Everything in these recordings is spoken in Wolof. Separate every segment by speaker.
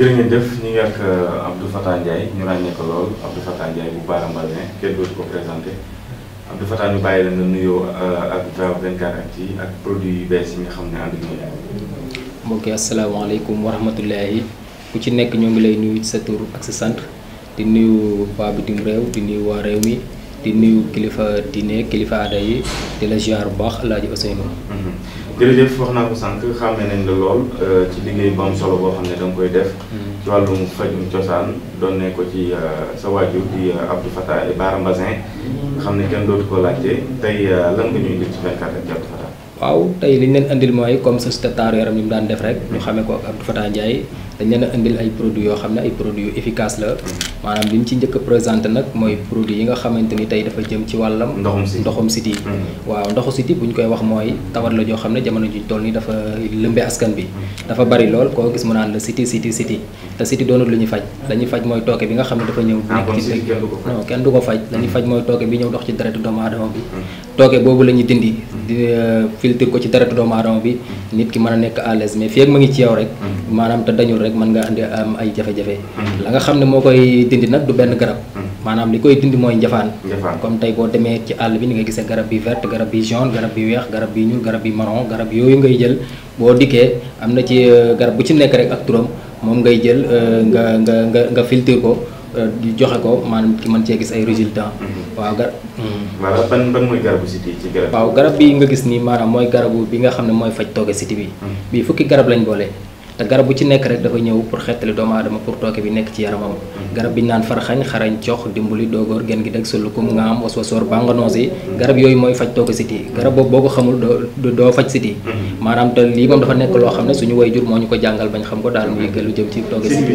Speaker 1: jërë def jëf ñu ngi ak euh, Abdou Fatah Ndiaye ñu ràññee ko lool Abdou Fatah Ndiaye bu Bara kenn dootu ko présenté Abdou Fatah ñu bàyyi la nga nuyoo
Speaker 2: euh, ak VAO 24 actu ak produit yu bees yi nga xam ne ànd nañu ak. mbokk yi asalaamaaleykum wa ku ci nekk ñoo ngi lay nuyu sa tur ak sa sant di nuyu waa bitim réew di nuyu waa réew mi di nuyu kilifa diine kilifa aada yi di la ziar bu baax El Hadj Ousseynou.
Speaker 1: Mm-hmm.
Speaker 2: jërëjëf wax naa ko sànq xàmmee euh,
Speaker 1: ci liggéey bu am xam ne da koy def. Mm-hmm. ci wàllum fajum cosaan doon ne ko ci euh,
Speaker 2: sa waajur di euh, Abdou Fatah Baara Mbazin xam ne kenn dootu ko laajte tey euh, lan nga ñuy indil ci 24 ak waaw tey li ñu leen andil mooy comme société taaru yaram ni mu daan def rek ñu xamee ko ak Abdou Fatah Ndiaye dañ leen a ay produits yoo xam ne ay produits yu efficace la maanaam li ñu ci njëkk a présenté nag mooy produits yi nga xamante ni tey dafa jëm ci wàllam ndoxum siti hmm. waaw ndoxu siti bu ñu koy wax mooy tawat la joo xam ne jamono juñ toll ni dafa lëmbe askan bi dafa bari lool koo gis mu naan la siti siti siti te siti doonul lu ñuy faj dañuy faj mooy tooke bi nga xam ne dafa ñëw ah, nekk ci non kenn du ko faj dañuy faj mooy tooke bi ñëw dox ci deretu doomu aadama bi hmm. tooke boobu la ñuy dindi euh, filtré ko ci deretu doomu aadama bi nit ki mën a nekk à l'aise mais fii ak ma ngi ci yow rek maanaam te dañul rek mën nga andi am ay jafe-jafe la nga xam ne moo koy dindi nag du benn garab maanaam li koy dindi mooy njafaan comme tey boo demee ci àll bi ni nga gisee garab bi verte garab bi jaune garab bi weex garab bi ñuul garab bi marron garab yooyu ngay jël boo dikkee am na ci euh, garab bu ci nekk rek ak turam moom ngay jël euh, nga nga nga nga filtré ko di joxe ko maanaam ki man cee gis ay résultats. Mhm. waaw gar. Mhm. maanaam ban ban ci garab. waaw garab bi nga gis ni maanaam mooy garabu bi nga xam ne mooy faj tooge siti bi. Mhm. bii fukki garab lañ boole. te garab bu ci nekk rek dafa ñëw pour xettali doomu aadama pour tooke bi nekk ci yaramam garab bi ñu naan farxañ xarañ cox dimbali doogoor gen gi dëgg sulukum ngaam waswasoor bànganoos yi garab yooyu mooy faj tooke siti garab boobu boo ko xamul doo doo faj siti mm-hmm. maanaam te lii moom dafa nekk loo xam ne suñu jur moo ñu ko jàngal bañ xam ko daal muy gëlu jëm ci tooke siti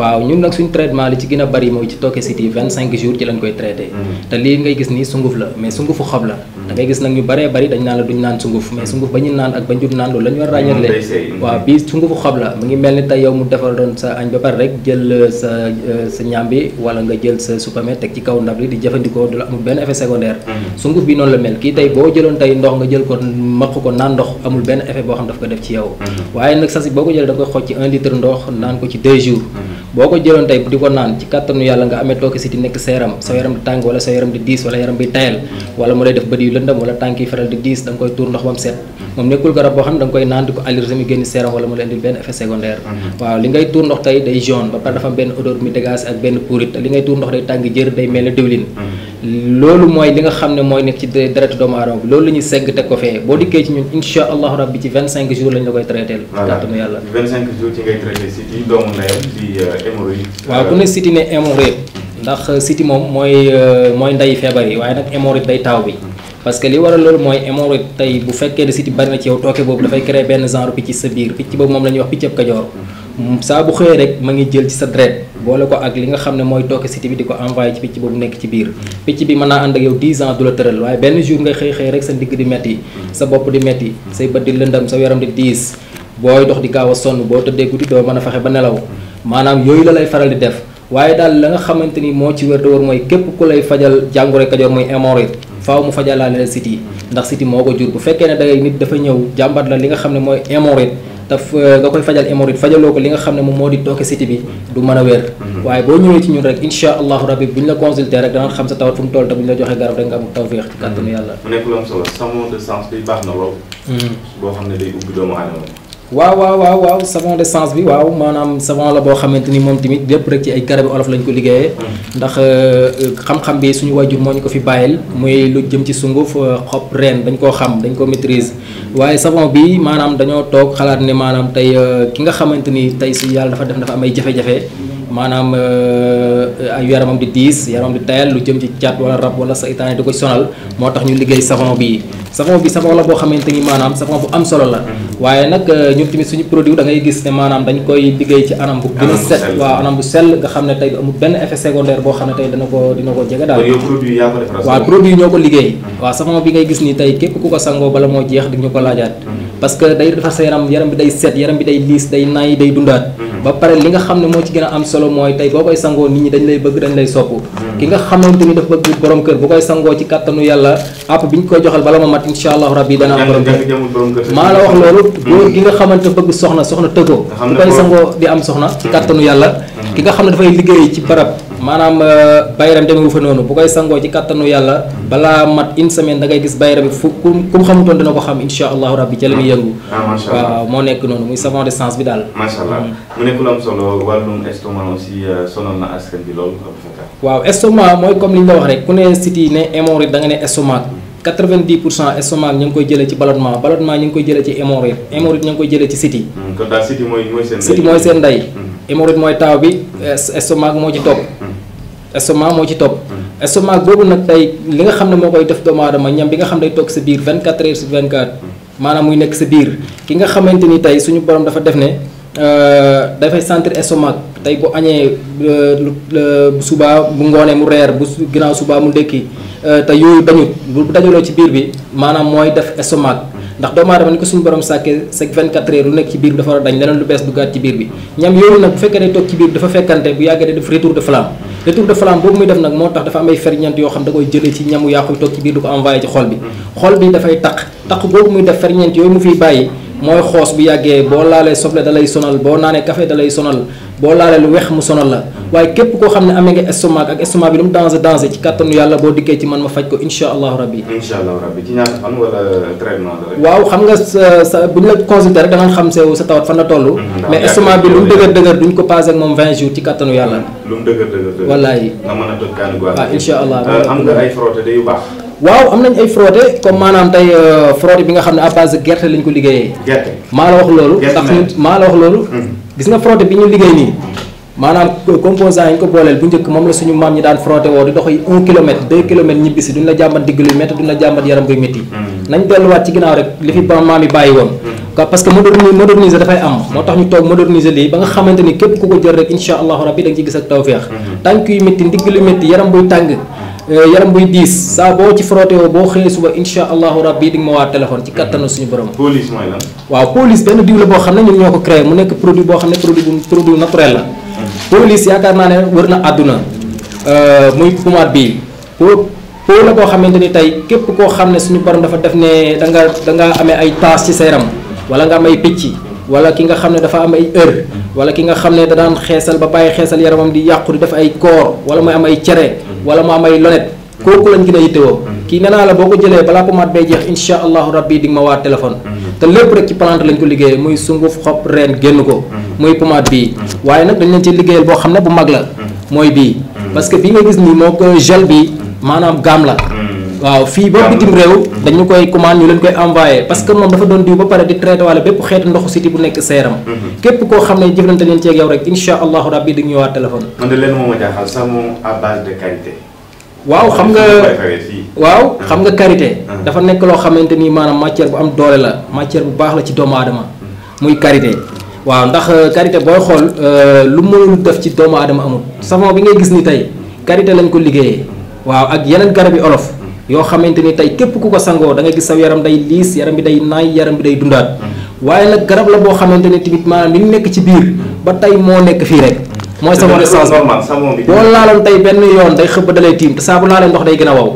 Speaker 2: waaw ñun nag suñu traitement li ci gën a bari mooy ci tooke siti vingt cinq jours ci lañ koy traité mm-hmm. te lii ngay gis nii sunguf la mais sungufu xob la da gis nag ñu bëree bari dañ naan la duñ naan sunguf mais sunguf ba ñu naan ak ba ñu naan loolu la ñu war ràññale mm-hmm. mm-hmm. waaw bii sungufu xob la mu ngi mel ni tey yow mu defaroon sa añ ba pare rek jël euh, sa euh, sa ñambi wala nga jël sa supame teg ci kaw ndab li di jëfandikoo du la amul benn effet secondaire mm-hmm. sunguf bi noonu la mel kii tey boo jëloon tey ndox nga jël ko makk ko naan ndox amul benn effet boo xam daf ko def ci yow waaye nag sasi boo ko jëlee da koy xooj ci un naan ko ci deux jours boo ko jëloon tey di ko naan ci kàttanu yàlla nga amee tooke si nekk sa yaram yaram di tàng wala sa yaram di diis wala yaram bi tayal wala mu lay def bët yu lëndam wala tànk yi faral di diis da koy tuur ndox bam set moom nekkul garab boo xam ne da koy naan di ko allir sami génn seeram wala mu lay indil benn effet secondaire waaw li ngay tuur ndox tey day jaune day tàng diwlin loolu mooy li nga xam ne mooy nekk ci deret doomu aadama bi loolu
Speaker 1: ko hémorroïde waaw ku ne
Speaker 2: siti ne hémorroïde ndax siti moom mooy euh, mooy nday feebar yi waaye nag hémorroïde day taaw bi parce que li waral loolu mooy hémorroïde tey bu fekkee ne siti bari na ci yow tooke boobu dafay créer benn genre picc sa biir picc boobu moom la ñuy wax picc ab kajoor saa bu xëyee rek ma ngi jël ci sa dret boole ko ak li nga xam ne mooy tooke siti bi di ko envoyé ci picc boobu nekk ci biir picc bi mën naa ànd ak yow 10 ans du la tëral waaye benn jour ngay xëy xëy rek sa dox di gaaw a sonn boo tëddee guddi doo a fexe ba nelaw maanaam yooyu la lay faral di def waaye daal la xamante ni moo ci wér te wóor mooy képp ku lay fajal jàngoro Kajoor mooy hémorroïde faaw mu fajalaale la siti ndax siti moo ko jur bu fekkee ne dangay nit dafa ñëw jàmbat la li nga xam ne mooy hémorroïde daf euh, nga koy fajal hémorroïde fajaloo ko li nga xam ne moom moo di tooke siti bi du man a wér mm-hmm. waaye boo ñëwee ci ñun rek insha allahu rabbi bu ñu la consulté rek danañ xam sa tawat fu mu toll te bu ñu la joxee garab rek nga am tawféex ci kàttanu mm-hmm. yàlla
Speaker 1: mu nekk lu baax na lool mm-hmm. boo xam ne day ubbi
Speaker 2: waaw waaw waaw waaw savon d'essence bi waaw maanaam savon la boo xamante ni moom tamit lépp rek ci ay garabi olof lañ ko liggéeye mm. ndax euh, xam-xam bi suñu wajur moo ñu ko fi bàyyil muy lu jëm ci sunguf euh, xob reen dañ koo xam dañ koo maîtrise waaye savon bi maanaam dañoo toog xalaat ne maanaam tey euh, ki nga xamante ni tey su yàlla dafa def dafa am ay jafe-jafe maanaam euh, ay yaramam di diis yaramam di tayal lu jëm ci cat wala rab wala saytaane di ko sonal moo tax ñu liggéey savon bi savon bi savon la boo xamante ni maanaam savon bu am solo la waaye nag euh, ñun suñu produit da ngay gis ne maanaam dañ koy liggéey ci anam bu gën a set bu sell nga xam ne tey amul benn effet secondaire boo xam ne tey dina ko dina ko jege daal waaw produit ñoo ko liggéey waaw savon bi ngay gis ni tey képp ku ko sangoo bala moo jeex di ñu ko laajaat hmm. parce que day defar sa yaram yaram bi day set yaram bi day liis day naay day dundaat hmm. ba pare li nga xam ne moo ci gën a am solo mooy tey boo koy sangoo nit ñi dañ lay bëgg dañ lay sopp ki nga xamante ni dafa bëgg borom kër bu koy sangoo ci kàttanu yàlla àpp bi ñu koy joxal bala ma mat insha allahu rabbi dana am borom
Speaker 1: kër maa la wax loolu góor
Speaker 2: gi nga xamante bëgg soxna soxna tëggoo bu koy sangoo di am soxna ci kàttanu yàlla ki nga xam ne dafay liggéey ci barab maanaam euh, bayram demewu fa noonu bu koy sangoo ci kattanu yàlla balaa mat une semaine da gis bayram bi fu ku mu xamutoon dina ko xam insha allahu rabbi ca yëngu ah, waaw moo nekk noonu muy savon de sens bi daal macha allah mm.
Speaker 1: mu nekk lu am solo euh,
Speaker 2: waaw estomac mooy comme li la wax rek ku ne siti ne hémorroïde da nga ne estomac 90 pour cent estomac ñu ngi koy jëlee ci ballonnement ballonnement ñu ngi koy jëlee ci hémorroïde hémorroïde ñu hémorroïde mooy taaw bi estomac moo ci topp mm. estomac moo ci topp mm. estomac boobu nag tey li nga xam ne moo koy def doomu aadama ñam bi nga xam ne day toog sa biir vingt 24 heures sur 24 mm. maanaam muy nekk sa biir ki nga xamante ni tey suñu borom dafa def ne euh, dafay sentir estomac tey bu añee euh, bu bu ngoonee mu reer bu ginnaaw suba mu ndékki euh, te yooyu dañut bu dajaloo ci biir bi maanaam mooy def estomac ndax doomu aadama ni ko suñu borom sàkkee sa 24 heures lu nekk ci biir bi dafa war a dañ leneen lu bees duggaat ci biir bi ñam yooyu nag bu fekkee day toog ci biir bi dafa fekkante bu yàggee day def retour de flamme retour de flamme boobu muy def nag moo tax dafa am ay ferñeent yoo xam da koy jëlee ci ñamu yàqu toog ci biir du ko envoyé ci xol bi xol bi dafay taq taq boobu muy def ferñeent yooyu mu fiy bàyyi mooy xoos bu yàggee boo laalee soble da lay sonal boo naanee café da lay sonal boo laalee lu weex mu sonal la waaye képp koo xam ne amee nga estomac ak estomac bi lu mu danger danger ci kàttanu yàlla boo dikkee ci man ma faj ko incha allahu rabbi. incha allahu rabbi
Speaker 1: ci ñaata fan wala
Speaker 2: euh, xam nga sa sa bu ñu la xam sa tawat fan la toll. Mm-hmm. mais estomac bi lu mu dëgër dëgër duñ ko passé ak moom 20 jours ci kàttanu yàlla. lu mu dëgër dëgër. wallaay nga mën ah, euh, ay
Speaker 1: frotté yu baax.
Speaker 2: waaw am nañ ay frotté comme maanaam tey euh, frotté bi nga xam ne à base de gerte lañ ko liggéeyee. gerte maa la wax loolu. ndax maa la wax loolu. Mhm. gis nga frotté bi ñu liggéey nii. maanaam euh, composant yi ñu ko booleel bu njëkk moom la suñu maam ñi daan frotté woo di dox yi un kilomètre deux kilomètres ñibbi si duñ la jàmbat digg luy métti duñ la jàmbat yaram buy métti. Mhm. nañ delluwaat ci ginnaaw rek li fi ba maam yi bàyyi woon. Mhm. parce que moderni moderniser dafay am moo tax ñu toog moderniser nga xamante ni képp ku ko jël rek incha allahu rabi da nga ci gis ak tawféex tànk yu métti ndigg lu Euh, yaram buy diis saa boo ci frotté woo boo xëyee suba insha allahu rabbi di nga ma waa téléphone ci kattanu mhm. suñu borom. police mooy lan. waaw police benn diw boo xam ne ñun ñoo ko créé mu nekk produit boo xam ne produit bu produit naturel la. Mhm. police yaakaar naa ne wër na àdduna euh, muy pommade bii po po la boo xamante ni tey képp koo xam ne suñu borom dafa def ne da nga da nga amee ay taas ci sa yaram wala nga am ay picc. wala ki nga xam ne dafa am ay heure wala ki nga xam ne da daan xeesal ba bàyyi xeesal yaramam di yàqu di def ay koor wala muy am ay cere wala mu am ay lonet kooku lañ gën a yittewoo kii nee naa la boo ko jëlee balaa pommade bay jeex insha allahu rabbi di nga ma waa téléphone te lépp rek ci plante lañ ko liggéeyee muy sunguf xob reen génn ko muy pommade bii waaye nag dañ lañ ci liggéeyal boo xam ne bu mag la mooy bii parce que bii nga gis nii moo ko gel bi maanaam gaam la waaw fii ba bitim réew mm-hmm. dañu koy commande ñu leen koy envoyé mm-hmm. parce que moom dafa doon diw ba pare di traité wala bépp xeetu ndoxu siti bu nekk seeram mm-hmm. képp koo xam ne jëflante leen ceeg yow rek insha allahu rabbi di ñëwaat téléphone man de leen moom a waaw xam nga waaw xam nga karité dafa nekk loo xamante ni maanaam matière bu am doole la matière bu baax la ci doomu aadama muy karité waaw ndax euh, karité booy xool euh, lu mënul def ci doomu aadama amul savon bi ngay gis ni tey karité lañ ko liggéeyee waaw ak yeneen garabi olof yoo xamante ni tey képp ku ko sangoo da nga gis saw yaram day liis yaram bi day naay yaram bi day dundaat mm-hmm. waaye nag garab la boo xamante ni tamit maanaam li nekk ci biir mm-hmm. ba tey moo nekk fii rek mooy sa sama essence boo laaloon tey benn yoon day xëbb dalay tiim te saabu laalee ndox day gën a waw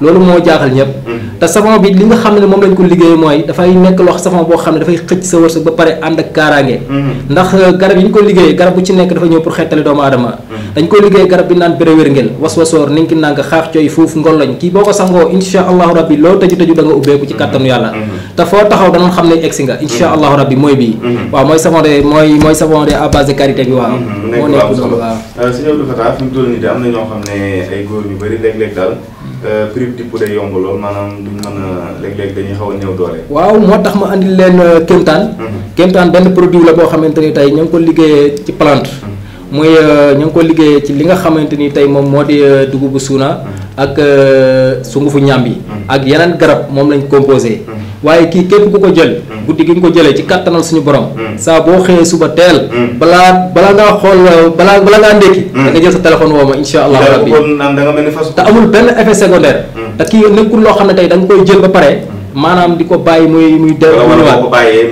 Speaker 2: loolu moo jaaxal ñëpp mm-hmm. te savon bi li nga xam ne moom lañ ko liggéey mooy dafay nekk loo savon boo xam ne dafay xëcc sa wërsëg ba pare ànd ak kaaraange mm-hmm. ndax euh, garab yi ñu ko liggéey garab bu ci nekk dafa ñëw pour xettali doomu aadama mm-hmm. dañ ko liggéey garab naan béréwér ngel was-wasoor ninki nànk xaax cooy foofu ngolloñ kii boo ko sangoo insha allahu rabbi loolu tëju tëju da nga ubbeeku ci kàttanu yàlla te foo taxaw danoon xam ne egsi nga insha allahu rabbi mooy bii waaw mooy savon de mooy mooy savon de à base de karité bi waaw moo nekk
Speaker 1: noonu tamit di puudar yomb lool maanaam duñ mën a léeg dañuy xaw a néew doole.
Speaker 2: waaw moo tax ma andil leen euh, kéemtaan. Mhm. kéemtaan benn produit la boo xamante ni tey ñoo ko liggéeyee ci plante. Mhm. muy euh, ñu ngi ko liggéeyee ci li nga xamante ni tey moom moo di euh, dugubu suuna. Mhm. ak sungufu ñam yi. ak yeneen garab moom lañ composé. waaye kii képp ku ko jël. guddi gi nga ko jëlee ci kattanal suñu borom. saa boo xëyee suba teel. balaa balaa ngaa xool balaa balaa ngaa ndékki. da nga jël sa téléphone woo ma incha allah te kii nekkul loo xam ne tey da koy jël ba pare maanaam di ko bàyyi muy muy del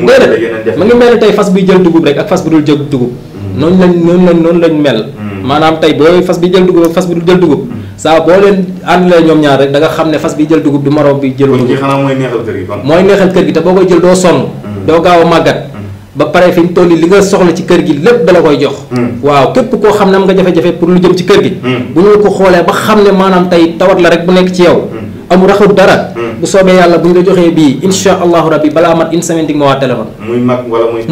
Speaker 2: déedéet ma ngi mel ne tey fas buy jël dugub rek ak fas bu dul jël dugub mm. noonu lañ noonu lañ noonu mel mm. maanaam tey boo fas bi jël dugub ak fas bi du jël dugub mm. saa boo leen àndalee ñoom ñaar rek da nga xam ne fas bi jël dugub du moroom bi jël dugub mooy neexal kër gi te boo koy jël doo sonn doo gaaw a màggat ba pare fi mu toll li nga soxla ci kër gi lépp da la koy jox. Hmm. waaw képp koo xam ne am nga jafe-jafe pour lu jëm ci kër gi. Hmm. bu ñu ko xoolee ba xam ne maanaam tey tawat la rek bu nekk ci yow. Hmm. amul raxut dara. bu soobee yàlla bu ñu la joxee bii incha allahu rabbi balaa mat une di ma waa téléphone.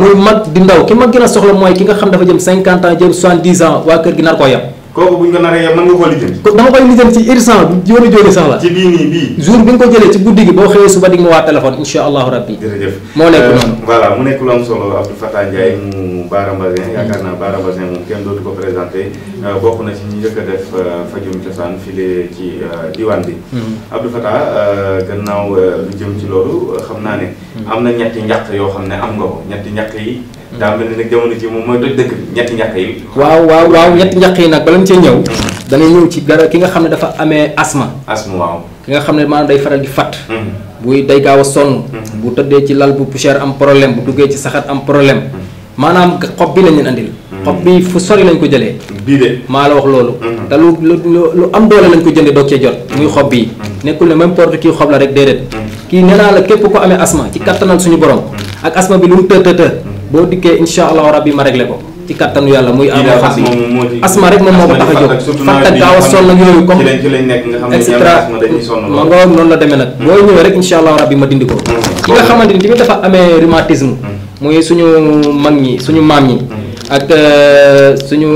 Speaker 2: muy mag di ndaw ki ma gën a soxla mooy ki nga xam dafa jëm cinquante ans jëm soixante dix ans waa kër gi nar koo yam kooku buñ ko naree yow man nga koo lijjanti ko dama koy lijjanti ci irsan bi jóoni jóoni sax la ci bii nii bii jour bi nga ko jëlee ci guddi gi boo xëyee suba di nga waa téléphone insha allahu rabbi jërëjëf moo nekk euh, mu nekk lu am solo Abdou
Speaker 1: Fatah Ndiaye mu Bara Mbazin yaakaar naa Bara Mbazin moom kenn dootu ko présenté euh, bokk na ci ñi njëkk a def euh, fajum cosaan file ci diwaan bi mm-hmm. Abdou Fatah gannaaw lu jëm ci loolu xam naa ne mm-hmm. am na ñetti njaq yoo xam ne am nga ko ñetti njaq yi daa mel ni nag jamono ji moom mooy toj dëkk bi ñetti njàq yi.
Speaker 2: waaw waaw waaw ñetti njàq yi nag bala mu cee ñëw. Mhm. danay ñëw ci dara ki nga xam ne dafa amee asma. asma waaw. ki nga xam ne maanaam day faral di fàtt. Mhm. buy day gaaw a sonn. Mhm. bu tëddee ci lal bu poussière am problème bu duggee ci saxat am problème. maanaam xob bi lañ leen andil. xob bi fu sori lañ ko jëlee. bii de maa la wax loolu. te lu lu lu am doole lañ ko jëndee doog cee jot. muy xob bi nekkul ne même porte kii xob la rek déedéet. kii nee naa la képp ko amee asma. ci kattanal suñu borom. ak asma bi lu mu të të të boo dikkee incha rab rabi ma réglé ko ci kattanu yàlla muy am xam yi asma rek moom moo ko tax a jóg fatta gaaw a sonn yooyu comme et cetera ma nga noonu la demee nag mm. boo ñëwee rek incha allahu rabi ma dindi ko mm. ki nga xamante ni tamit dafa amee rhumatisme mm. muy suñu mag ñi suñu maam ñi ak euh, suñu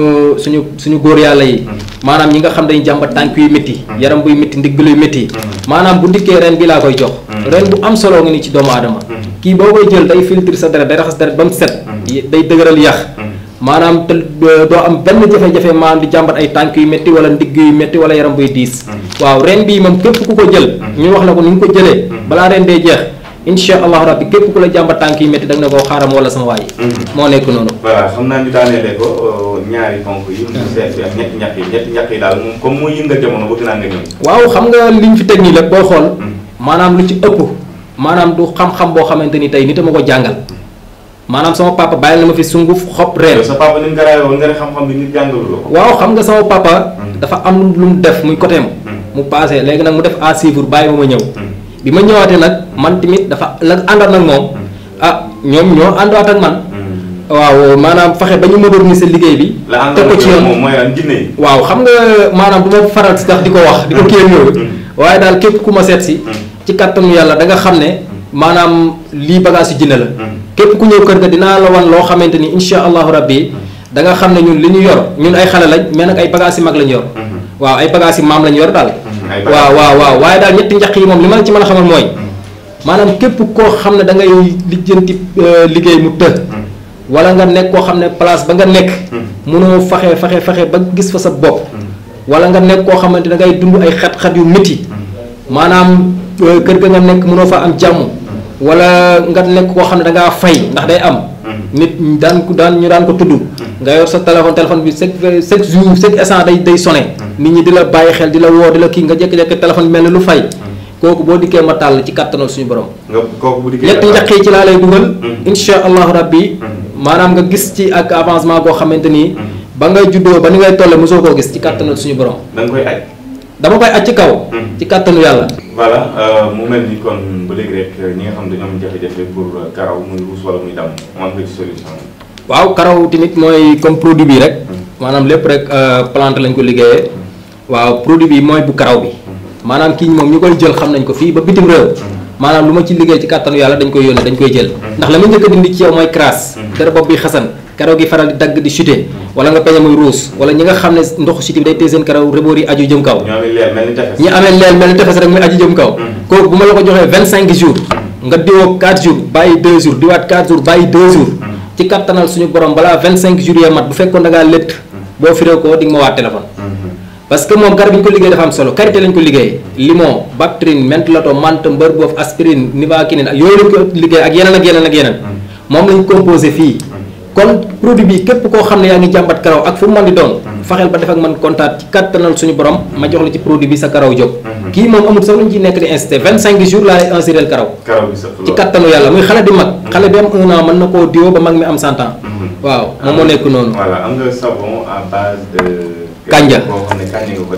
Speaker 2: suñu suñu góor yàlla yi maanaam ñi nga xam dañu jàmbat tànk yu métti mm-hmm. yaram buy métti ndigg luy métti mm-hmm. maanaam bu ndikkee ren bi laa koy jox mm-hmm. ren bu am solo nga ni ci doomu aadama kii boo koy jël day filtre sa deret day raxas deret ba mu set day dëgëral yax maanaam te doo am benn jafe-jafe maanaam di jàmbat ay tànk yu métti wala ndigg yu métti yaram buy diis waaw ren bii moom képp ku ko jël ñu wax la ko nu nga ko jëlee balaa ren dee jeex incha allahu rabbi képp ku la jàmbat tànk yu métti da nga ne koo xaaram wala sama waay moo nekk noonu
Speaker 1: voilà xam naa ñu daaneele ko ñaari ponk yi. ak ñetti ñax yi ñetti ñax
Speaker 2: yi daal moom comme mooy waaw xam nga li liñ fi teg nii la booy xool. Hmm. maanaam lu ci ëpp. maanaam du xam-xam boo xamante ni tey nit a ma ko jàngal. maanaam sama papa bàyyi la ma fi sunguf xob reen. sa papa
Speaker 1: ni nga raayoon nga ne xam-xam bi nit jàngaluloo
Speaker 2: waaw xam nga sama papa. Hmm. dafa am lu mu def muy côté am. Hmm. mu passé léegi nag mu def à suivre bàyyi ma ma ñëw. bi ma ñëwaatee nag man tamit dafa la àndoon ak moom. ah ñoom ñoo àndaat ak man waaw maanaam fexe ba ñu moderniser liggéey bi. teg ko ci yoon waaw xam nga maanaam du ma faral si tax di ko wax. di ko kii yooyu. Mm. waaye daal képp ku ma seet si. Mm. ci kattanu yàlla danga xam ne. Mm. maanaam lii bagage yu jinne la. képp ku ñëw kër ga dinaa la wan loo xamante ni incha allahu rabbi da nga xam ne ñun li ñu yor ñun ay xale lañ mais nag ay bagages yu mag lañ yor. Mm-hmm. waaw ay bagages yu maam lañ yor daal. Mm-hmm. waaw waaw waaw waaye daal ñetti njax yi moom li ma la ci mën a xamal mooy. maanaam képp koo xam ne da ngay lijjanti euh, liggéey mu të wala nga nekk koo xam ne place ba nga nekk. mënoo hmm. faxe faxe faxe ba gis fa sa bopp. Hmm. wala nga nekk koo xamante ne ngay dund ay xat-xat yu métti. Hmm. maanaam euh, kër ga nga nekk mënoo fa am jàmm. wala nga nekk koo xam ne da ngaa fay ndax day am. nit daan daan ñu daan ko tudd. nga yor sa téléphone téléphone bi chaque chaque jour chaque instant day day nit ñi di la bàyyi xel di la woo di la kii nga jékki-jékki téléphone bi mel ni lu fay. kooku boo dikkee ma tàll ci kattanal suñu borom.
Speaker 1: nga kooku bu dikkee ñetti njaq
Speaker 2: yi ci laa lay dugal. maanaam nga gis ci ak avancement goo xamante ni. ba ngay juddoo ba ni ngay tolle mosoo koo gis ci kàttanu suñu borom. da koy aj. dama koy aj ci kaw. Hmm. ci kàttanu yàlla.
Speaker 1: voilà euh, mu mel ni kon ba léegi rek euh, am jafe-jafe pour euh, karaw muy ruus
Speaker 2: waaw karaw tamit mooy comme produit bi rek. Hmm. maanaam lépp rek plante lañ ko liggéeyee. Hmm. waaw produit bi mooy bu karaw bi. maanaam kii moom ñu koy jël xam nañ ko fii ba bitim réew. maanaam lu ma ci liggéey ci kàttanu yàlla dañ koy yónnee dañ koy jël mm-hmm. ndax la ma njëkk a dindi ci yow mooy crasse dara mm-hmm. bi xasan karaw gi faral di dagg di chuté mm-hmm. wala nga peñe muy ruus wala ñi nga xam ne ndoxu chuté bi day téye seen karaw rebóor yi aju jëm kaw ñi amee leel mel ni tefes rek muy aju jëm kaw kooku bu ma la ko joxee vingt cinq jours nga diwoo quatre jours bàyyi deux jours diwaat quatre jours bàyyi deux jours ci kattanal suñu borom balaa vingt bu fekkoon da ngaa létt boo firee ko di parce que moom garab yi ñu ko liggéey limon bactrine mentolato menthe mbër boof aspirine nivaquine yooyu lañ ko liggéey ak yeneen ak yeneen ak yeneen hmm. moom lañ composé fii hmm. kon produit bi képp koo xam ne yaa ngi jàmbat karaw ak fu mu mën di doon hmm. faxel ba def ak man contact ci kattanal suñu borom ma jox la ci produit bi sa karaw jóg kii moom amul sax lu ñu ciy nekk di incité vingt cinq jours laa lay karaw ci kattanu yàlla muy xale di mag xale bi am un
Speaker 1: kanja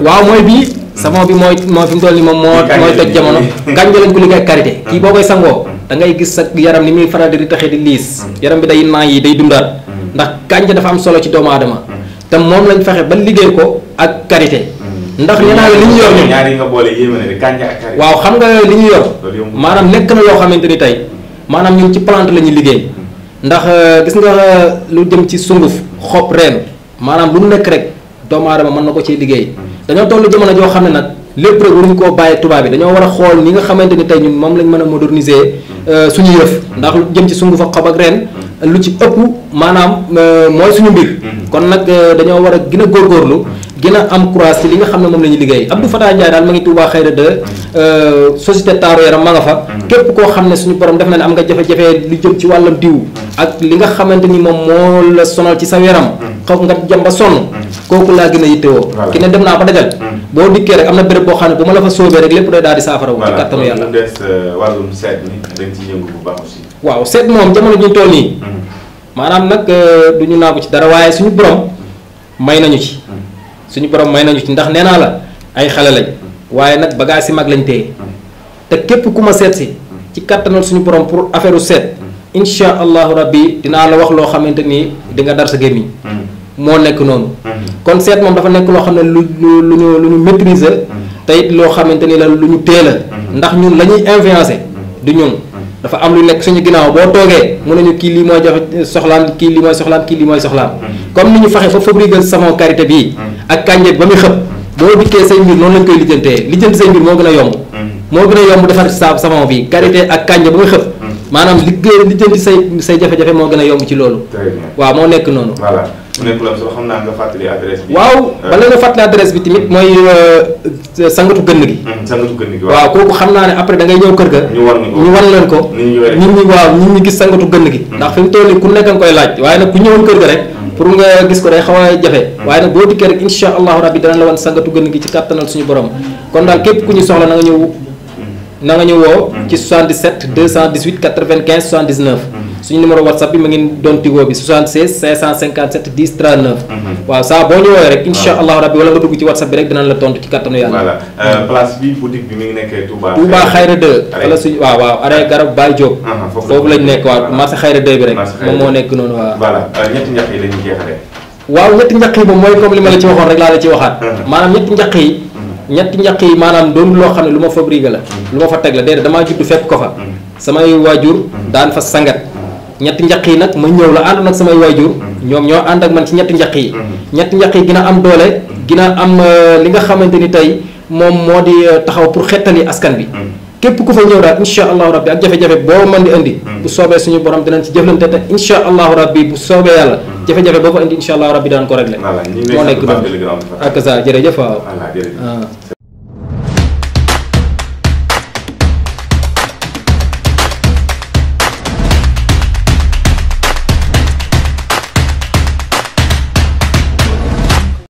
Speaker 1: waaw mooy
Speaker 2: bii mm. savon bi mooy moo fi mu toll nii moom moo moo toj jamono kanja lañ ko liggéey karité mm. kii boo koy sangoo mm. dangay gis sa yaram ni muy faral di taxe di liis yaram bi day naan yi day dundaat ndax kanja dafa am solo ci doomu aadama te moom lañ fexe ba liggéey ko ak karité ndax nee naa la li yi
Speaker 1: nga boole waaw xam
Speaker 2: nga li ñu maanaam nekk na loo xamante ni tey maanaam ñun ci plante la ñuy liggéey ndax euh, gis nga euh, lu jëm ci sunguf xob ren maanaam lu nekk rek doomu aadama mën na ko ciy liggéey dañoo toll jamono joo xam ne nag lépp rek waruñu koo bàyyi tubaab bi dañoo war a xool ni nga xamante ni tey ñun moom lañ mën a moderniser euh, suñu yëf ndax lu jëm ci sungu fa xob ak ren lu ci ëpp maanaam euh, mooy suñu mbir mm-hmm. kon nag euh, dañoo war a gën a góorlu gën a am courage ci li nga xam ne moom la ñuy liggéey Abdou Fatah Ndiaye daal ma ngi Touba Xayra de euh, société taaru yaram ma nga fa mm. képp koo xam ne suñu borom def na ne am nga jafe-jafe lu jëm ci wàllam diw ak li nga xamante ni moom moo la sonal ci sa yaram mm. xaw nga jëm ba sonn mm. kooku laa gën a yittewoo ki ne dem naa ba dajal boo dikkee rek am na béréb boo xam ne bu ma la fa soobee rek lépp day daal di saafara wu ci kàttanu yàlla
Speaker 1: euh, wàllum seet yëngu bu
Speaker 2: waaw seet moom jamono ñu toll nii maanaam nag euh, du ñu naa ci dara waaye suñu borom may nañu ci suñu borom may nañu ci ndax nee naa la ay xale lañ waaye nag bagage si mag lañ téye te képp ku ma seet si ci kattanal suñu borom pour affaire u seet incha allahu rabbi dinaa la wax loo xamante nii di nga dar sa gémmiñ moo nekk noonu kon seet moom dafa nekk loo xam ne lu lu lu ñu lu ñu maîtriser te it loo xamante ni la lu ñu teel la ndax ñun la ñuy influencer du ñun dafa am lu nekk suñu ginnaaw boo toogee mën nañu kii lii mooy joxe soxlaan kii lii mooy soxlaan kii lii mooy soxlaan hmm. comme ni ñu faxe fa fabriquer savon karité bii hmm. ak kànjet ba muy xëpp boo dikkee say mbir noonu lañ koy lijjantee lijjanti say mbir moo gën a yomb hmm. moo gën a yomb defar sa savon bi karité ak kànja ba muy xëpp maanaam liggéey lijjanti say say jafe-jafe moo gën a yomb ci loolu waaw moo nekk noonu
Speaker 1: mu nekk lu am solo xam naa
Speaker 2: waaw euh, bala nga fàttali adresse bi tamit mooy euh, sangatu gën gi. Hmm, sangatu gën waaw kooku xam naa ne après da ngay ñëw kër ga. ñu wan ñu wan leen ko. nit ñi waaw nit ñi gis sangatu gën gi. Hmm. ndax fi mu toll ku nekk nga koy laaj waaye nag ku ñëwoon kër ga rek. Hmm. pour nga gis ko day xaw a jafe. waaye nag boo dikkee rek incha allahu rabbi dana la sangatu gën gi ci kattanal suñu borom kon daal képp ku ñu soxla na nga ñëw na nga ñu woo. ci 77 218 95 79 suñu numéro whatsapp bi ma ngi doon tigo bi 76 557 10 39. waaw saa boo ñu woowee rek. incha allahu rabbi wala nga dugg ci whatsapp bi rek dinañ la euh,
Speaker 1: bi boutique bi mi ngi nekk Touba. Touba Xayra
Speaker 2: 2. wala suñu waaw waaw arrêt garab Baye Diop. Uh-huh, foofu lañ nekk waaw marché Xayra 2 bi rek. moom moo nekk noonu euh, waaw. ñetti ñax yi lañu waaw ñetti ñaq moom mooy comme li ma la ci waxoon rek laa la ci waxaat. Uh-huh. maanaam ñetti ñaq yi. Uh-huh. ñetti ñaq yi maanaam doon loo xam ne lu ma fabriqué la. lu ma fa teg la déedéet ko fa. samay waajur daan fa sangat ñetti njaq yi nag ma ñëw la àndoon nag samay waajur mm-hmm. ñoom ñoo ànd ak man ci ñetti njaq yi mm-hmm. ñetti njaq yi gina am doole mm-hmm. gina am euh, li nga xamante ni tey moom moo di euh, taxaw pour xettali askan bi képp ku fa ñëw daal insha allahu rabbi ak jafe-jafe boo mën di indi bu soobee suñu borom dinañ ci jëflante te insha allahu rabbi bu soobee yàlla jafe-jafe boo fa indi insha allahu rabbi daan ko réglé moo nekk doon ak sa jërëjëf waaw ah.